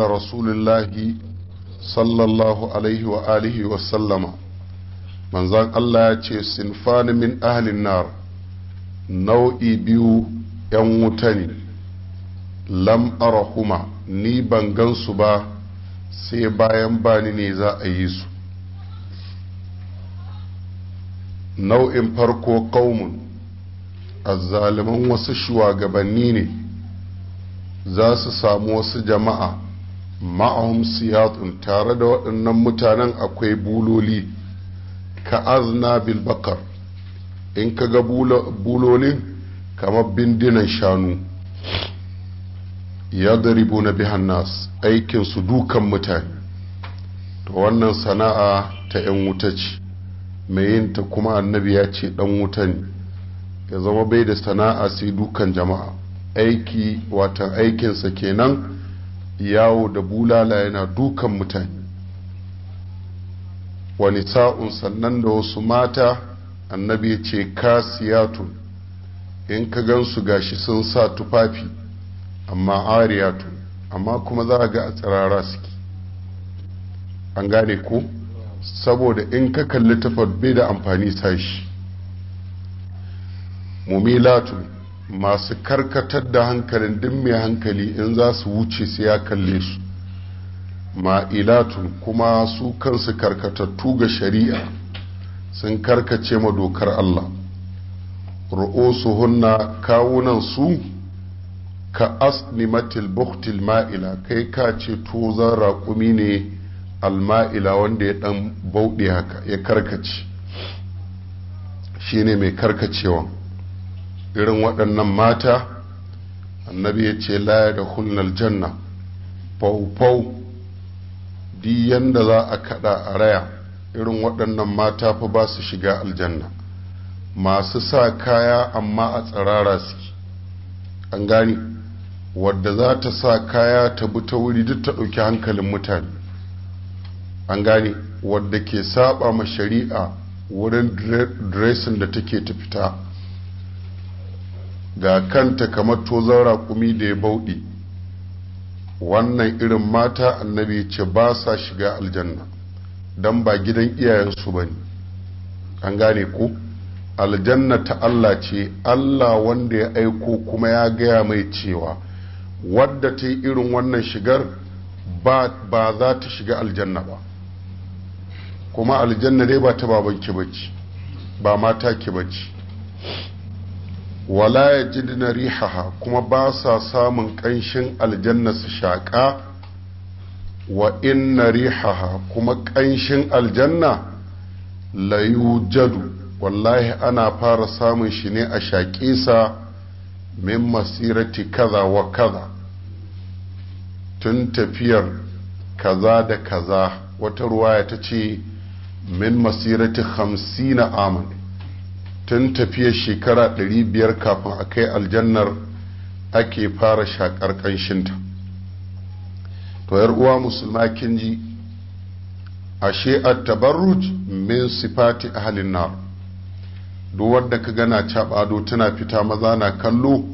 رسول الله صلى الله عليه وآله وسلم من زان الله يتشي سنفان من أهل النار نوئي بيو يموتني لم أرهما ni ban gansu ba sai bayan bani ne za a yi su nau'in farko kaumun azzaliman wasu shugabanni ne za su samu wasu jama'a ma'ahum siyatun tare da waɗannan mutanen akwai buloli ka azna bil bakar in ka ga bulolin kamar bindinan shanu ya daribu na bihan nas aikinsu dukan mutane to wannan sana'a ta 'yan wuta ce mai yin ta kuma annabi ya ce dan wuta ne ya zama bai da sana'a sai dukan jama'a aiki watan aikinsa kenan yawo da bulala yana dukan mutane wani sa'un sannan da wasu mata annabi ya ce kasiyatun in ka gansu gashi sun sa tufafi amma ariyatun amma kuma za a ga a tsirara suke an gane ko saboda in ka kalli tufar bai da amfani sashi mumilatun masu karkatar da hankalin din mai hankali in za su wuce sai ya kalle su ma'ilatun kuma su kansu karkatattu ga shari'a sun karkace ma dokar Allah su hunna kawunan su ka asnimatil buktil ma'ila kai ka ce zan raƙumi ne alma'ila wanda ya ɗan bauɗe haka ya karkace shi ne mai karkacewa irin waɗannan mata annabi ya ce laye da hulnar janna faufau di yanda za a kaɗa a raya irin waɗannan mata fa ba su shiga aljanna masu sa kaya amma a tsirara suke an gani wadda za ta sa kaya ta bi ta wuri duk ta ɗauki hankalin mutane an gane wadda ke saba ma shari'a wurin dressing da take ta fita ga kanta kamar tozon raƙumi da ya bauɗe wannan irin mata annabi ce ba sa shiga aljanna don ba gidan iyayensu ba ne an gane ko aljanna ta Allah ce Allah wanda ya aiko kuma ya gaya mai cewa wadda ta yi irin wannan shigar ba za ta shiga aljanna ba kuma aljanna dai ba ta babanki bacci ba mata ki bacci wala ya ji na rihaha kuma ba sa samun ƙanshin aljanna su shaƙa wa inna rihaha kuma ƙanshin aljanna layu jadu wallahi ana fara samun shi ne a shaƙe sa min masirati kaza wa kaza tun tafiyar kaza da kaza wata ruwaya ta ce min masirati na amin tun tafiya shekara ɗari biyar kafin a kai aljannar ake fara shakar kanshinta to yar uwa musulma kin ji ashe at-tabarruj min sifati halin na. duk wadda ka gana cabado tana fita maza na kallo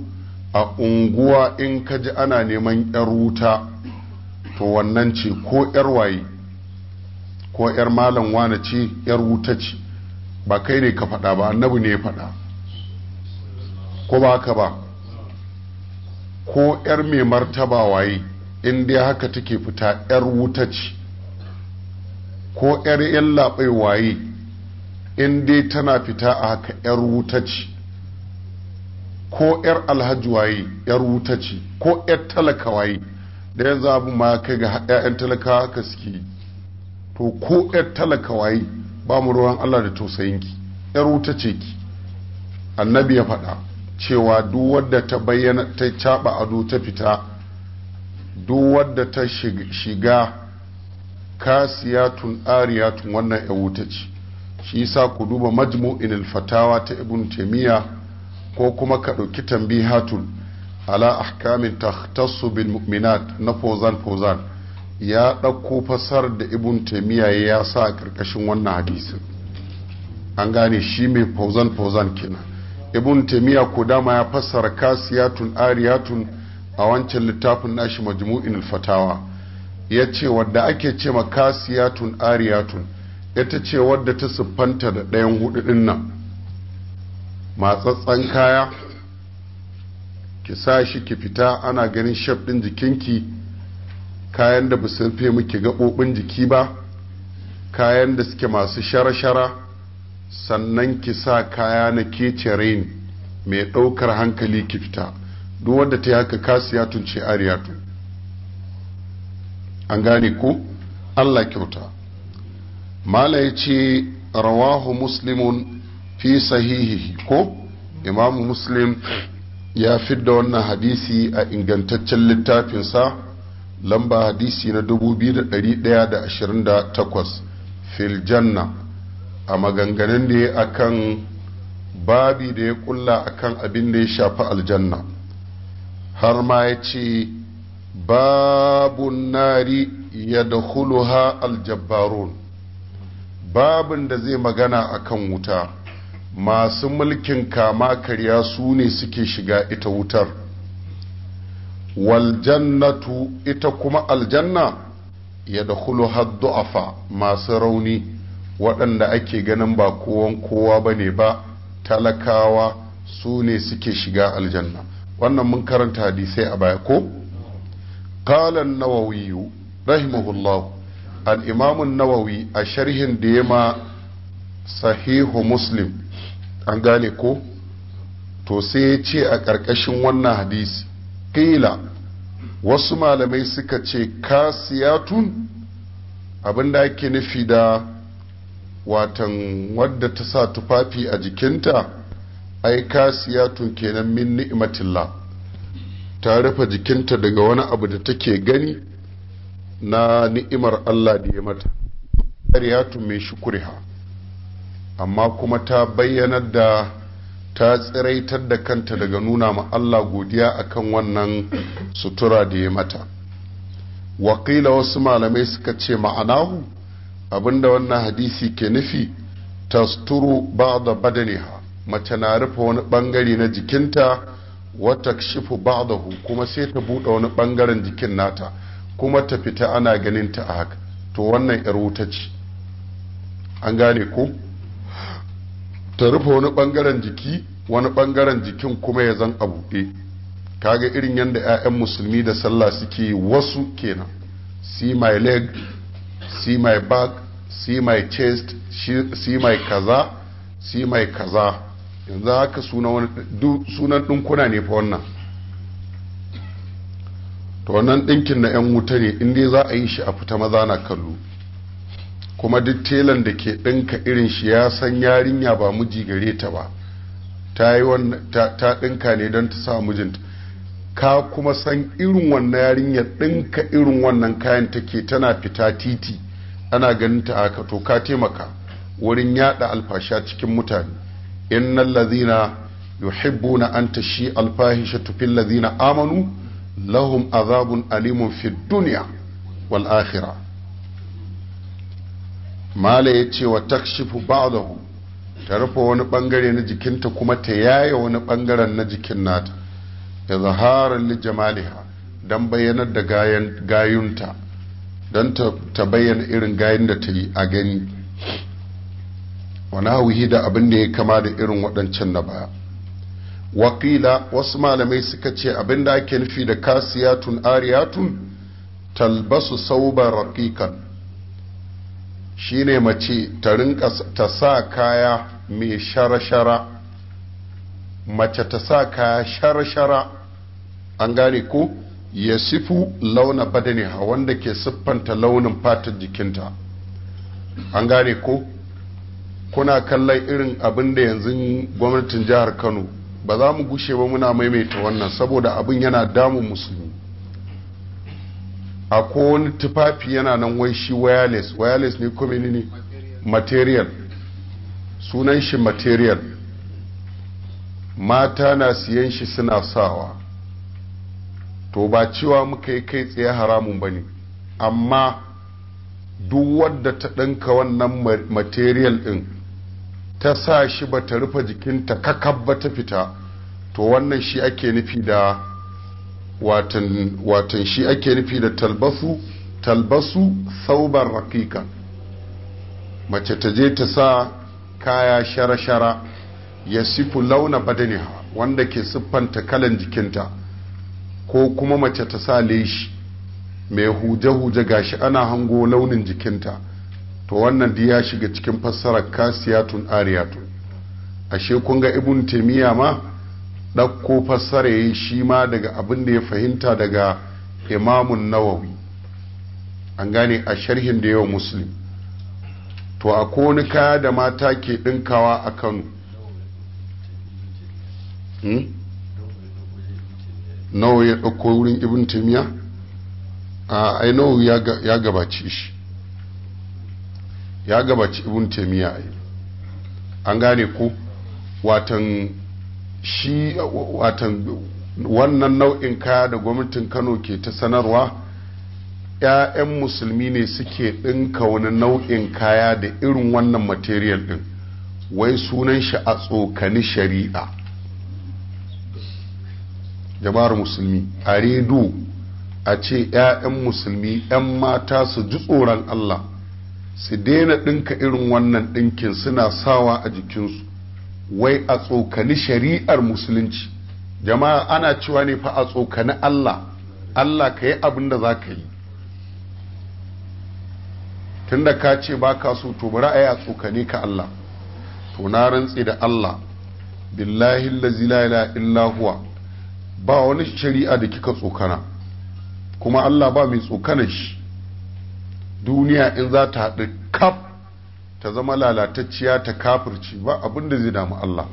a unguwa in ka ji ana neman yar wuta to wannan ce ko yar waye ko yar malam wane ce yar wuta ce ba kai ne ka faɗa ba annabi ne ya faɗa ko ba haka ba ko 'yar mai martaba waye in dai haka take fita 'yar wuta ce ko 'yar 'yan labai waye in dai tana fita a haka 'yar wuta ce ko 'yar alhaji waye 'yar wuta ce ko 'yar talaka waye da ya zaɓi ma kai ga 'ya'yan talaka haka suke to ko 'yar talaka waye ba mu ruwan Allah da tausayinki yar wuta ce ki annabi ya faɗa cewa duk wadda ta bayyana ta caba ado ta fita duk wadda ta shiga kasiyatun ariyatun wannan ya wuta ce shi yasa ku duba majmu'in fatawa ta ibn taymiya ko kuma ka ɗauki tambihatul ala ahkamin takhtassu bil mu'minat na fozan fozan ya ɗauko fasar da ibun taimiyya ya sa a ƙarƙashin wannan hadisin an gane shi mai fauzan fauzan kenan ibn taimiyya ko dama ya fassara kasiyatun ariyatun a wancan littafin nashi majmu'in alfatawa ya ce wadda ake ce ma kasiyatun ariyatun ita ce wadda ta siffanta da ɗayan hudu ɗin nan matsatsan kaya ki sa shi ki fita ana ganin shaf ɗin jikinki kayan da basu rufe muke gaɓoɓin jiki ba kayan da suke masu shara-shara sannan ki sa kaya na kece rain mai ɗaukar hankali ki fita duk wadda ta yi haka kasiyatun ariya ariyatu an gane ku allah kyauta mala ya ce rawahu muslimun fi sahihihi ko imamu muslim ya fidda wannan hadisi a ingantaccen littafinsa lamba hadisi na 2128 fil janna a maganganun da ya akan babi da ya kulla akan abin da ya shafi aljanna har ma ya ce babun nari ya da aljabbarun babin da zai magana akan wuta masu mulkin kama karya su ne suke shiga ita wutar Waljannatu ita kuma aljanna ya da afa masu rauni waɗanda ake ganin ba kowan kowa ba ne ba talakawa su ne suke shiga aljanna wannan mun karanta hadisai a baya ko qalan nawawiyu rahimahullahu al'imamun nawawi a sharhin da ya ma sahihu muslim an gane ko to sai ya ce a ƙarƙashin wannan hadisi ƙila wasu malamai suka ce kasiyatun abinda ake nufi da watan wadda ta sa tufafi a jikinta ai kasiyatun kenan min ni'matillah ta rufe jikinta daga wani abu da take gani na ni'imar Allah da ya mata kariyatun mai shukuriha amma kuma ta bayyanar da ta tsiraitar da kanta daga nuna ma Allah godiya akan wannan sutura da ya mata wakila wasu malamai suka ce ma'anahu abinda wannan hadisi ke nufi Ta ba ba'da badaniha mace na rufe wani bangare na jikinta wata shifu ba da hu kuma sai ta buɗe wani bangaren jikin nata kuma ta fita ana ganin ta a haka to wannan yar wuta ce an gane ko ta rufe wani bangaren jiki wani bangaren jikin kuma ya zan a buɗe kaga irin yadda 'ya'yan musulmi da sallah suke wasu kenan see my leg see my back see my chest see my kaza see my kaza yanzu haka sunan ɗinkuna ne fa wannan to wannan ɗinkin na 'yan wuta ne inda za a yi shi a fita maza na kallo kuma duk telan da ke ɗinka irin shi ya san yarinya ba muji gare ta ba ta yi ta ɗinka ne don ta sa mijinta ka kuma san irin wannan yarinya ɗinka irin wannan kayan take tana fita titi ana ganin ta haka to ka taimaka wurin yada alfasha cikin mutane in innal ladhina yuhibbuna an tashi alfahishatu fil ladhina amanu lahum azabun alimun fid dunya wal akhirah mala ya ce wa takshifu ba'dahu ta rufe wani bangare na jikinta kuma ta yaya wani bangaren na jikin nata zahara li jamaliha don bayyanar da gayunta don ta bayyana irin gayin da ta yi a gani wani hauhi da abin da ya kama da irin waɗancan na baya wakila wasu malamai suka ce abin da ake nufi da kasiyatun ariyatun talbasu sauban raƙiƙan Shi ne mace ta sa kaya mai shara-shara mace ta sa kaya shara-shara an gane ko ya sifu launa ha wanda ke siffanta launin fatar jikinta an gane ko kuna kallon irin abin da yanzu gwamnatin jihar kano ba za mu gushe ba muna maimaita wannan saboda abin yana damun musulmi akwai wani tufafi yana nan wai shi wireless wireless ne kuma ne material sunan shi material mata na siyan shi suna sawa to ba cewa muka yi kai tsaye haramun ba ne amma duk wadda ta ɗinka wannan material ɗin ta sa shi ba ta rufe jikinta kakab ba ta fita to wannan shi ake nufi da watan shi ake nufi da talbasu talbasu sauban rakika mace ta je ta sa kaya shara-shara ya sifu launa badaniha wanda ke siffanta kalan jikinta ko kuma mace ta sa leshi mai huje-huje gashi ana hango launin jikinta to wannan ya shiga cikin fassarar kasiyatun ariyatun ashe kun ga ibn taimiyya ma ɗauko fassara ya shi ma daga abin da ya fahimta daga imamun nawawi an gane a sharhin da yawa muslim to a wani kaya da mata ke ɗinkawa a kano hmm? nawa ya ɗauko wurin ibn timiya a ai ya gabaci shi ya gabaci ibn timiya an gane ko watan shi watan wannan nau'in kaya da gwamnatin kano ke ta sanarwa 'ya'yan musulmi ne suke ɗinka wani nau'in kaya da irin wannan material ɗin wai sunan shi a tsokani shari'a jama'ar musulmi a redu a ce 'ya'yan musulmi 'yan mata su ji tsoron allah su daina ɗinka irin wannan ɗinkin suna sawa a jikinsu wai a tsokani shari'ar musulunci jama'a ana cewa ne fa a tsokani Allah Allah ka yi abin da za ka yi tunda ka ce ba ka so to bari a yi a tsokani ka Allah to na rantse da Allah billahi la ilaha illa ba wani shari'a da kika tsokana kuma Allah ba mai tsokana shi duniya in za ta haɗu kaf ta zama lalatacciya ta kafirci ba abin da zai damu Allah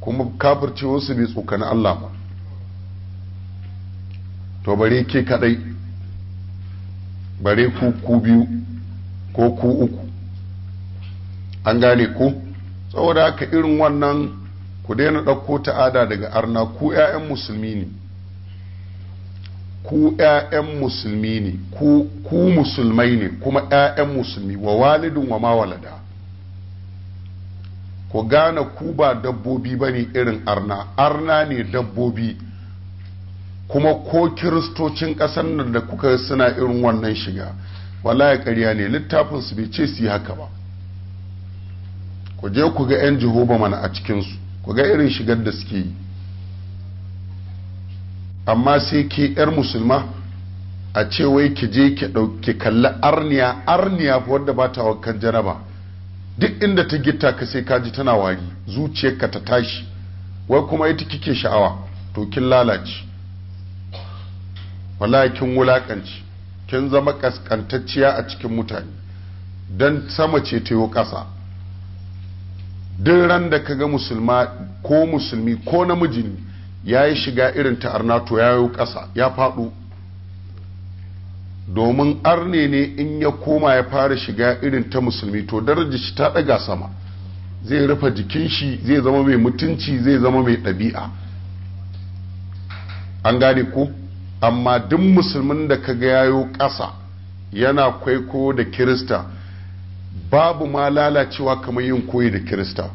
kuma kafirci wasu bai tsokani Allah ba to bare ke kadai bare ku ku biyu ko ku uku an gane ku saboda haka irin wannan ku daina ɗauko ta'ada daga arna ku 'ya'yan musulmi ne ku ƴaƴan musulmi ne ku musulmai ne kuma ƴaƴan musulmi wa walidin wa mawalada ku gane ku ba dabbobi ba ne irin arna arna ne dabbobi kuma ko kiristocin ƙasar nan da kuka suna irin wannan shiga wallahi ƙarya ne littafin su bai ce su yi haka ba ku je ku ga 'yan jehova mana a cikinsu ku ga irin shigar da suke yi amma sai ke yar musulma a ce wai ki je ki ɗauki kalli arniya arniya wadda ba ta wankan janaba duk inda ta gitta ka sai ka ji tana wari zuciyarka ta tashi wai kuma ita kike sha'awa to kin lalace wallahi kin wulakanci kin zama kaskantacciya a cikin mutane don sama ce ta yi ƙasa duk ran da kaga musulma ko musulmi ko namiji ya yi shiga irin ta arnato ya yi ƙasa ya faɗo domin arne ne in ya koma ya fara shiga irin ta musulmi to darajar shi ta ɗaga sama zai rufe jikin shi zai zama mai mutunci zai zama mai ɗabi'a an gane ko amma duk musulmin da ka ga yayo ƙasa yana kwaiko da kirista babu ma lalacewa kamar yin koyi da kirista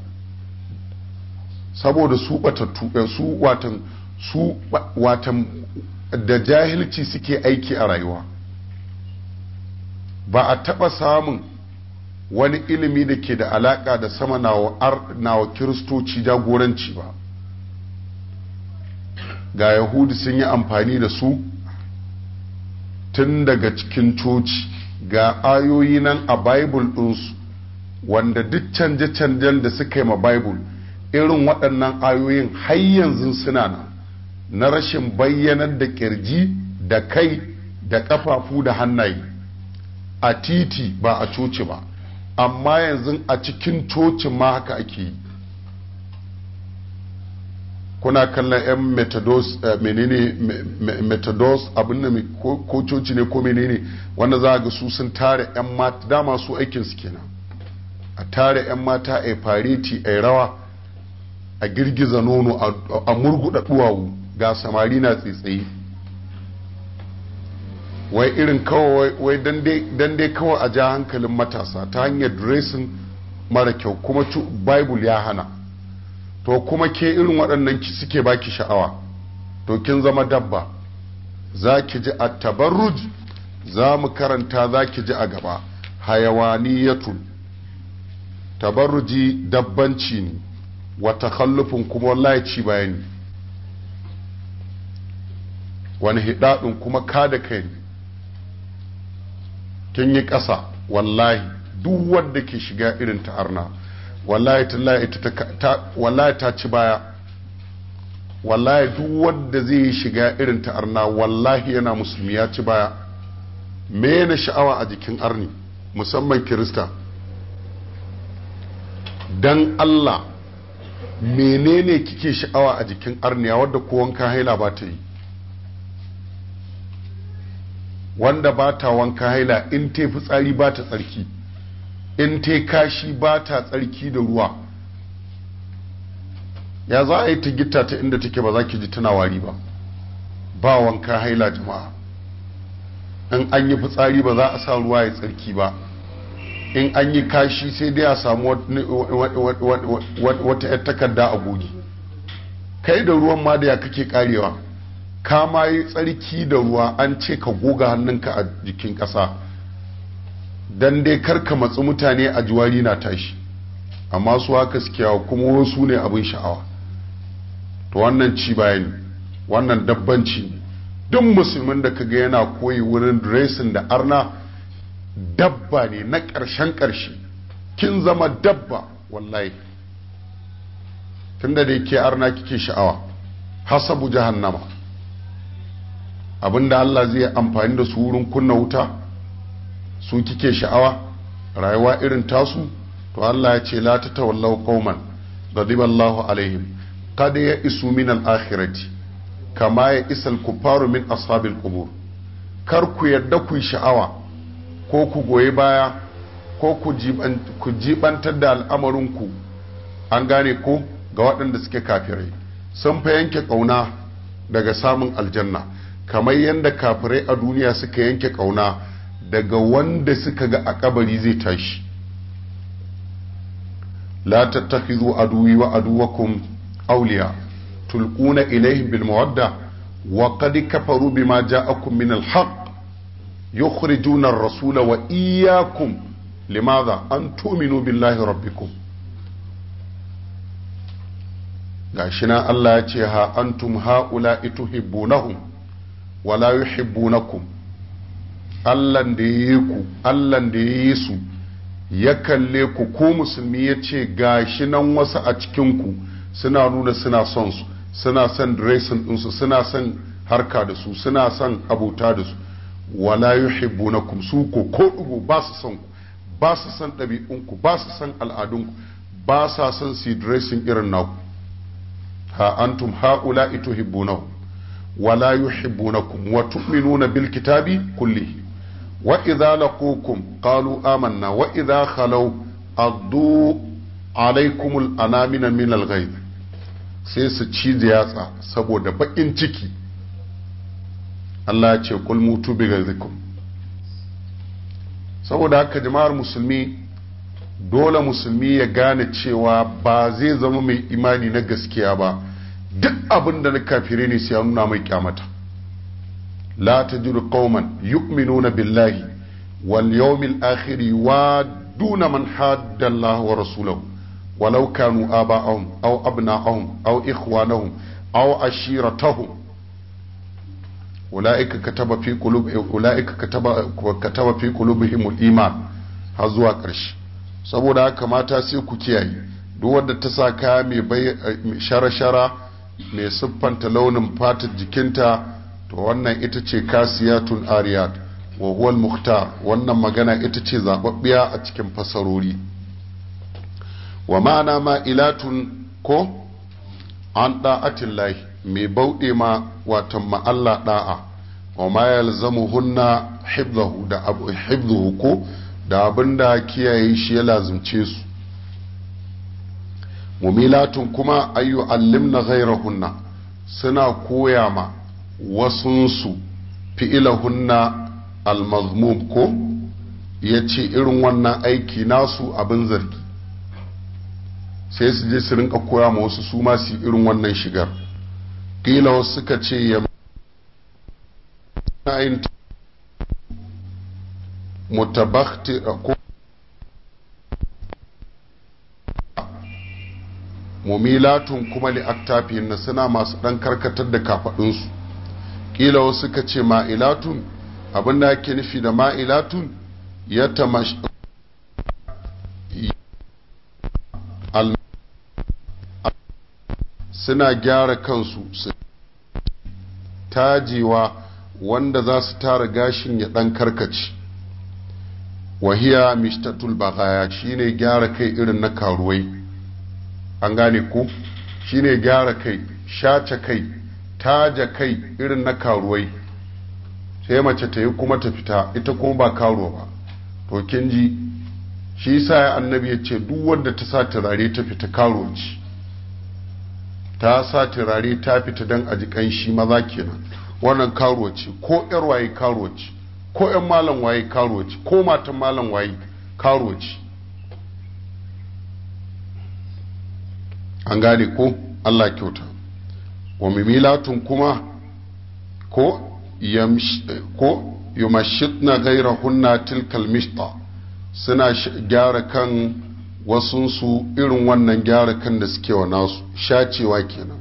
saboda su batattu eh, su watan su watan da jahilci suke aiki a rayuwa ba a taɓa samun wani ilimi da ke da alaƙa da sama nawa kiristoci jagoranci ba ga Yahudi sun yi amfani da su tun daga cikin coci ga ayoyi nan a bible ɗinsu wanda duk canje-canjen da suka yi ma bible irin waɗannan ayoyin har yanzu suna nan na rashin bayyanar da kirji da kai da ƙafafu da hannaye a titi ba a coci ba amma yanzu a cikin cocin ma haka ake yi kuna kallon 'yan metados eh, menene abin da ko coci ne ko menene wanda za a ga su sun tare 'yan mata dama su aikin kenan a tare 'yan mata a fareti a rawa a girgiza nono a murguda duwawu ga samari na tsitsaye wai irin kawai wai kawai a ja hankalin matasa ta hanyar dressing mara kyau kuma bible ya hana to kuma ke irin waɗannan suke baki sha'awa to kin zama dabba za ki ji a tabarruj za mu karanta za ki ji a gaba tun tabarruji dabbanci ne wata kallufin kuma wallahi ci bayani wani hidadun kuma kada kai ne kin yi ƙasa wallahi duk wanda ke shiga irin ta'arna wallahi ta wallahi ta ci baya wallahi duk wanda zai shiga irin ta'arna wallahi yana musulmi ya ci baya mena sha'awa a jikin arni musamman kirista dan Allah menene kike sha'awa a jikin arniya wadda ko wanka haila ba yi wanda bata ta wanka haila in ta fitsari ba ta tsarki in ta kashi ba ta tsarki da ruwa ya za a yi ta gita ta inda take ba za ki ji tana wari ba ba wanka haila jama'a in an yi fitsari ba za a sa ruwa ya tsarki ba in an yi kashi sai dai a samu wata 'yar takarda a gogi kai da ruwan ma da ya kake karewa ka ma yi tsarki da ruwa an ce ka goga hannunka a jikin ƙasa don dai karka matsi mutane a juwari na tashi amma su haka suke yawa kuma wasu ne abin sha'awa to wannan ci bayan wannan dabbanci duk musulmin da ka ga yana koyi wurin dressing da arna dabba ne na ƙarshen ƙarshe kin zama dabba wallahi tunda da yake arna kike sha'awa hasabu jahannama abinda Allah zai amfani da su wurin kunna wuta su kike sha'awa rayuwa irin tasu to Allah ya ce la ta tawallau qauman ghadiballahu alaihim qad ya isu min al-akhirati kama ya isal kufaru min ashabil qubur kar ku yadda ku sha'awa ko ku goyi baya ko ku jibantar da al'amarinku an gane ko ga waɗanda suke kafirai sun fa yanke ƙauna daga samun aljanna kamar yadda kafirai a duniya suka yanke ƙauna daga wanda suka ga a kabari zai tashi la a aduwi wa aduwakum awliya tulquna ilayhim bil mawadda wa qad kafaru bima ja'akum min al haqq يخرجون الرسول وإياكم لماذا أن تؤمنوا بالله ربكم gashina Allah yace ce ha antum haula ituhibbunahum wala yuhibbunakum Allahn da yayi ku Allahn da yayi su ya kalle ku ko musulmi ya ce gashi nan wasu a cikinku ku suna nuna suna son su suna son dressing ɗinsu suna son harka da su suna son abota da su wala yuhibbunakum su ko ko dugu ba su san ku ba su san ɗabi'unku ba su san al'adunku ba sa san su dressing irin naku ha antum haula tuhibbunahu wala yuhibbunakum wa tu'minuna bil kitabi kullihi wa idza laqukum qalu amanna wa idza khalaw addu alaikum al'anamina min al sai su ci yatsa saboda bakin ciki Allah ce kul mutu bi gazikum saboda haka jama'ar musulmi dole musulmi ya gane cewa ba zai zama mai imani na gaskiya ba duk abin da na kafire ne sai ya nuna mai kyamata la kauman yuminu na billahi wal yawmil akhir wa duna man hadda Allah wa rasulahu walau kanu aba'ahum aw abna'ahum aw ikhwanahum aw ashiratahum ula'ika kataba fi qulub ula'ika kataba kataba fi qulubihimul iman har zuwa ƙarshe saboda haka mata sai ku kiyaye duk wanda ta sa kaya mai shara-shara mai siffanta launin fatar jikinta to wannan ita ce kasiyatun ariyat wa huwal muhtar wannan magana ita ce zababbiya a cikin fasarori wa ma'ana ma ilatun ko an da'atillahi mai bauɗe ma watan ma'alla ɗa'a, wa ma zama hunna da hibzuhu ko da abinda kiyaye shi ya lazimce su mumilatun kuma ayyu allimna hunna suna koya ma wasunsu hunna almazmum ko ya ce irin wannan aiki nasu abin zargi sai su je su rinka koya ma wasu su ma su irin wannan shigar kila suka ce ya mutabakti a ko mumilatun kuma li'aktafin na suna masu ɗan karkatar da kafaɗinsu kila wasu suka ce ma'ilatun abin da ake nufi da ma'ilatun ya tamashi suna gyara kansu su tajewa wanda za su tara gashin ya ɗan karkaci wahiya mishtatul bagaya shine gyara kai irin na karuwai an gane ku shine gyara kai shace kai taja kai irin na karuwai sai mace ta yi kuma ta fita ita kuma ba karuwa ba to kin ji shi sa annabi ya ce duk wanda ta sa turare ta fita karuwanci ta sa turare ta fita don a jikan shi maza kenan wannan ce ko yar waye ce ko yan malam waye karuwaci ko matan malam waye ce. an gane ko Allah kyauta wa mimilatun kuma ko ko yumashitna gairahunna tilkal mishta suna gyara kan su irin wannan gyara kan da suke wa nasu shacewa kenan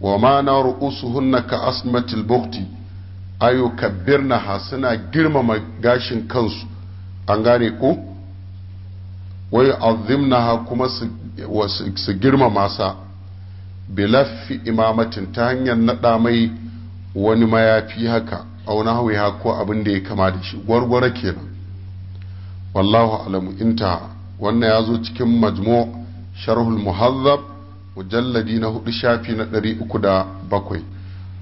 wa ma na ru'usuhunna ka asmatil bukti ayo kabbirna ha suna girmama gashin kansu an gane ko wai ha kuma su girmama sa bilaffi imamatin ta hanyar naɗa mai wani mayafi haka auna hawi ko abin da ya kama da shi gwargwara kenan wallahu alamu intaha wannan ya zo cikin majmu sharhul muhazzab mujalladi na hudu shafi na ɗari uku da bakwai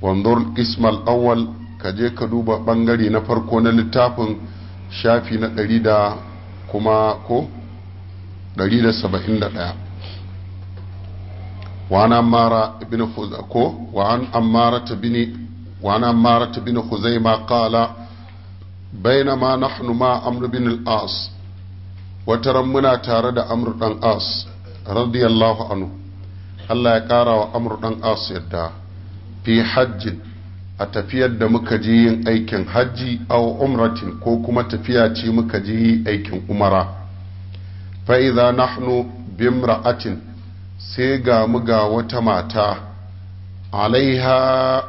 wanzur ismal awwal ka je ka duba ɓangare na farko na littafin shafi na ɗari da kuma ko ɗari da saba'in da ɗaya وعن أمارة بن خزيمة وعن أمارة بن وعن أمارة بن خزيمة قال بينما نحن مع عمرو بن العاص Wata ran muna tare da amur ɗan as radiyallahu anhu Allah ya ƙara wa amur ɗan as yadda fi hajji a tafiyar da muka je yin aikin hajji a umratin ko kuma tafiya ce muka je yi aikin umara fa nahnu bimra'atin sai ga mu ga wata mata alaiha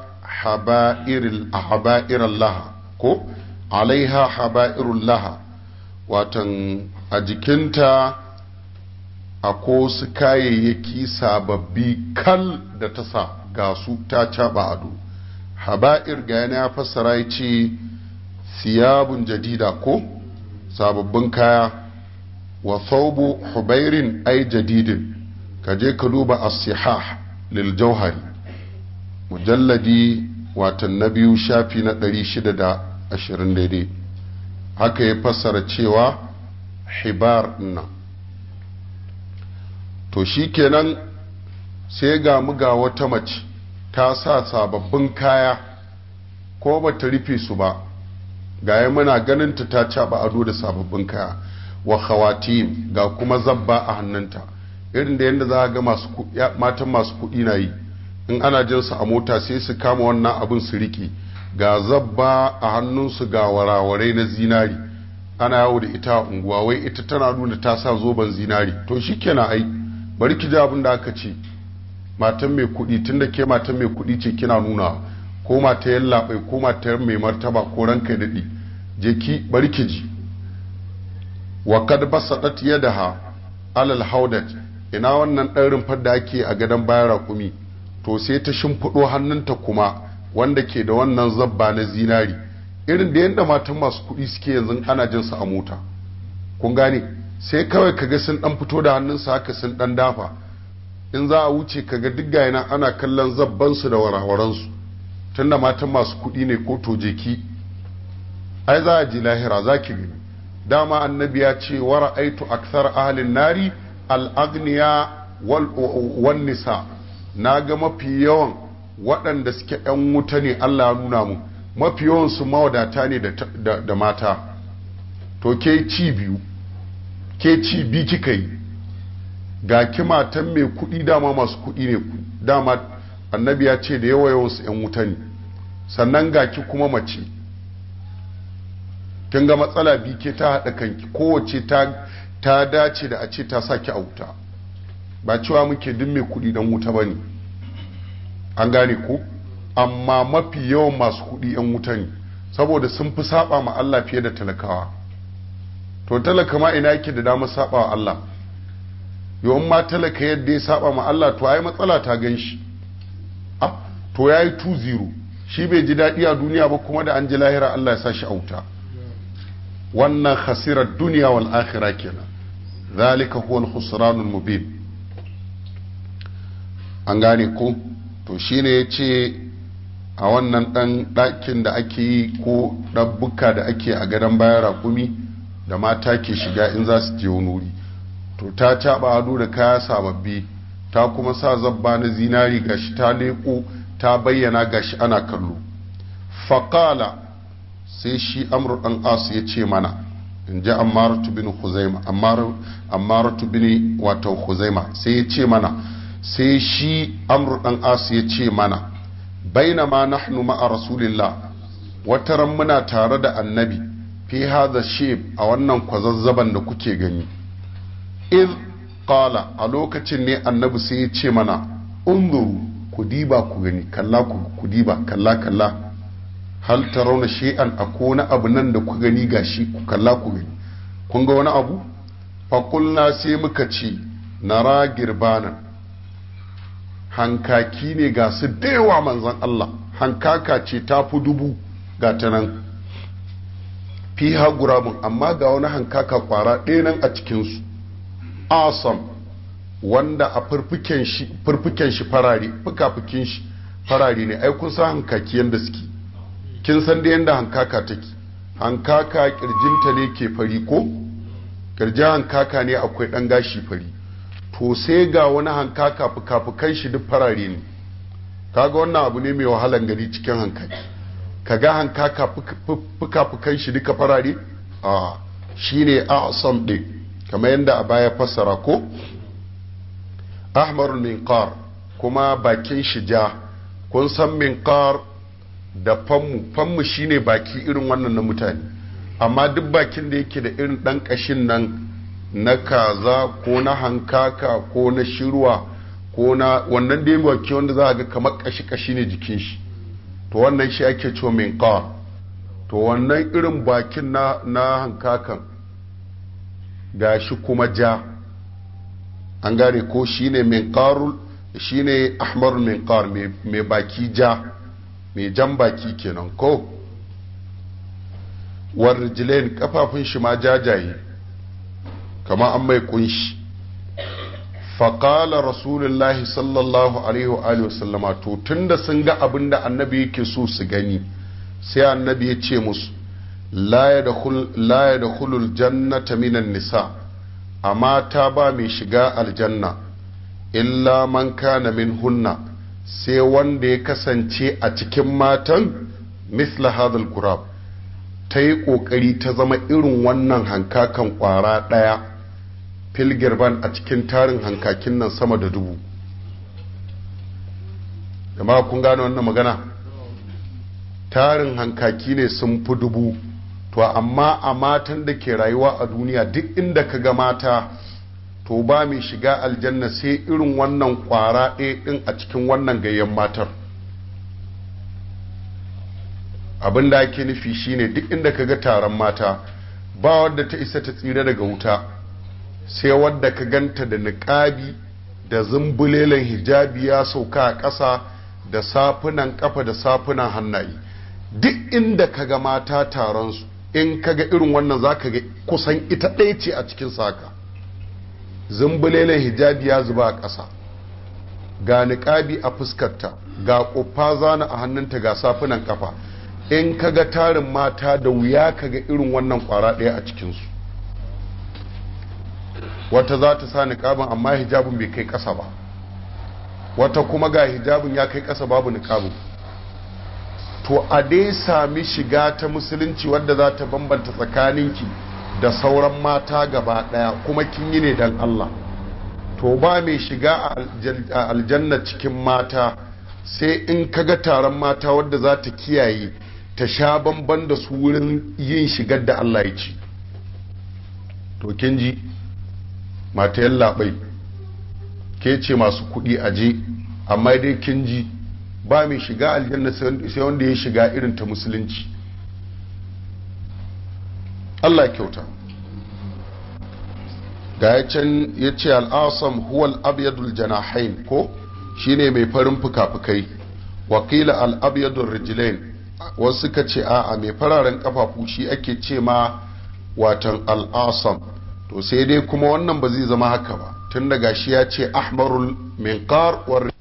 haba'irul laha ko alaiha haba'irul laha watan a jikinta a ko su kayayyaki sababbi kal da ta sa ga su ta caba ado haba'ir ga yana ya fassara ya ce siyabun jadida ko sababbin kaya wa thawbu hubairin ai jadidin ka je ka duba Asiha lil jauhari mujalladi watan na biyu shafi na 620 daidai haka ya fassara cewa hibar nan to shi kenan sai ga muga wata mace ta sa sababbin kaya ko ba ta rufe su ba gaya muna ganin ta ta caba ado da sababbin kaya wa khawatim ga kuma zabba a hannunta irin da yadda za a ga matan masu kuɗi na yi in ana jinsu a mota sai su kama wannan abin su riƙe ga zabba a hannunsu ga warawarai na zinari ana yawo da ita unguwa wai ita tana nuna ta sa zoben zinari to shi kenan ai bari ki ji abin da aka ce matan mai kuɗi tunda ke matan mai kuɗi ce kina nuna ko mata yallaɓai ko mata mai martaba ko ranka daɗi je ki bari ki ji wa kad basadat yadaha alal haudat ina wannan ɗan rumfar da ake a gadon bayan rakumi to sai ta shimfiɗo hannunta kuma wanda ke da wannan zabba na zinari irin da yadda matan masu kuɗi suke yanzu ana jin su a mota kun gane sai kawai ka ga sun dan fito da hannunsa haka sun dan dafa in za a wuce kaga duk gayi ana kallon zabban su da warawaran su tunda matan masu kuɗi ne ko tojeki ai za a ji lahira za ki gani dama annabi ya ce wa ra'aitu akthar ahlin nari al-aghniya wal nisa ga mafi yawan waɗanda suke ‘yan wuta ne Allah nuna mu mafi yawansu mawadata ne da mata to ke ci biyu ke ci bi kika yi ga ki matan mai kuɗi dama masu kuɗi ne dama annabi ya ce da yawa yawansu ‘yan wuta ne sannan ga ki kuma mace kin ga matsala bi ke ta haɗa kanki kowace ta dace da a ce ta saki a wuta ba cewa muke duk mai kuɗi dan wuta ba ne an gane ko amma mafi yawan masu kuɗi 'yan wuta ne saboda sun fi saba ma Allah fiye da talakawa to talaka ma ina yake da damar saba wa Allah yawan ma talaka yadda ya saba ma Allah to ai matsala ta gan shi ah, to ya yi shi bai ji daɗi a duniya ba kuma da an ji lahira Allah ya sa shi auta wannan khasirar duniya wal akhira kenan zalika huwal khusranul mubin an gane ko to shi ne ya ce a wannan ɗan ɗakin da ake yi ko ɗabbuka da ake a gadon bayan raƙumi da mata ke shiga in za su je wani to ta caɓa ado da kaya sababbi ta kuma sa zabba na zinari gashi ta leƙo ta bayyana gashi ana kallo faƙala sai shi amur ɗan asu ya ce mana in ji ammaratu bin huzaima bin wato huzaima sai ya ce mana sai shi amru dan as ya ce mana bainama nahnu a rasulillah wata ran muna tare da annabi fi hadha shib a wannan kwazazzaban da kuke gani iz qala a lokacin ne annabi sai ya ce mana unzuru ku diba ku gani kalla ku diba kalla kalla hal tarawna shay'an akona abu nan da ku gani gashi ku kalla ku gani kun ga wani abu fakulna sai muka ce nara girbanan hankaki ne ga su da yawa manzan Allah hankaka ce ta fi dubu ga ta nan fiha gurabun amma ga wani hankaka kwara ɗaya nan a cikinsu asam wanda a firfiken shi farari fukafukin shi farari ne ai kun san hankaki yadda suke kin san da yadda hankaka take hankaka kirjinta ne ke fari ko kirjin hankaka ne akwai ɗan gashi fari to sai ga wani hanka kafukan shi duk farare ne kaga wannan abu ne mai wahalan gari cikin hankali kaga hanka kafukan shi duka farare a a a'sam ɗin kamar yadda a baya fassara ko ahmar minkar kuma bakin shi ja kun san minkar da fammu fammu shine baki irin wannan na mutane amma duk bakin da yake da irin dan kashin nan na kaza ko na hankaka ko na shirwa ko na wannan da baki wanda za a ga kamar kashi-kashi ne jikin shi to wannan shi ake cewa min qar to wannan irin bakin na na hankakan gashi kuma ja an gare ko ne min shi ne ahmar min qar mai baki ja mai jan baki kenan ko warjilain kafafun shi ma jajaye kama an mai kunshi faƙala rasulullahi sallallahu alaihi wa sallama to tunda sun ga abin da annabi yake so su gani sai annabi ya ce musu la da hulul jannata minan nisa amma ta ba mai shiga aljanna illa man kana min hunna sai wanda ya kasance a cikin matan misla hadal gurab ta yi ƙoƙari ta zama irin wannan hankakan ƙwara ɗaya filgirban a cikin tarin hankakin nan sama da dubu jama'a kun gano wannan magana tarin hankaki ne sun fi dubu to amma a matan da ke rayuwa a duniya duk inda ka ga mata to ba mai shiga aljanna sai irin wannan kwara ɗaya ɗin a cikin wannan gayyan matar abin da ake nufi shine duk inda ka ga taron mata ba wadda ta isa ta tsira daga wuta sai wadda ka ganta da niƙabi da zumbulelen hijabi ya sauka a ƙasa da safunan ƙafa da safunan hannaye duk inda ka ga mata taron su in ka ga irin wannan za ka ga kusan ita ɗaya ce a cikin saka zumbulelen hijabi ya zuba a ƙasa ga niƙabi a fuskarta ga ƙofa zana a hannunta ga safunan ƙafa in ka ga tarin mata da wuya ka ga irin wannan ƙwara ɗaya a cikinsu wata za ta sa niƙabin amma hijabin bai kai ƙasa ba wata kuma ga hijabin ya kai ƙasa babu niƙabin to a dai sami shiga ta musulunci wadda za ta bambanta tsakaninki da sauran mata gaba ɗaya kuma kin yi ne don Allah to ba mai shiga a aljanna cikin mata sai in ka ga taron mata wadda za ta kiyaye ta sha bamban da su wurin yin shigar da Allah ya ci to kin ji mata yallaɓai ke ce masu kuɗi a je amma dai kin ji ba mai shiga aljanna sai wanda ya shiga irin ta musulunci Allah kyauta ga ya can ya ce al'asam huwal abyadul janahain ko shi ne mai farin fuka-fukai wakila al'abiyadul rijilain wasu ka ce a'a mai fararen kafafu shi ake ce ma watan al'asam to sai dai kuma wannan ba zai zama haka ba tun daga shi ya ce ahmarul minqar war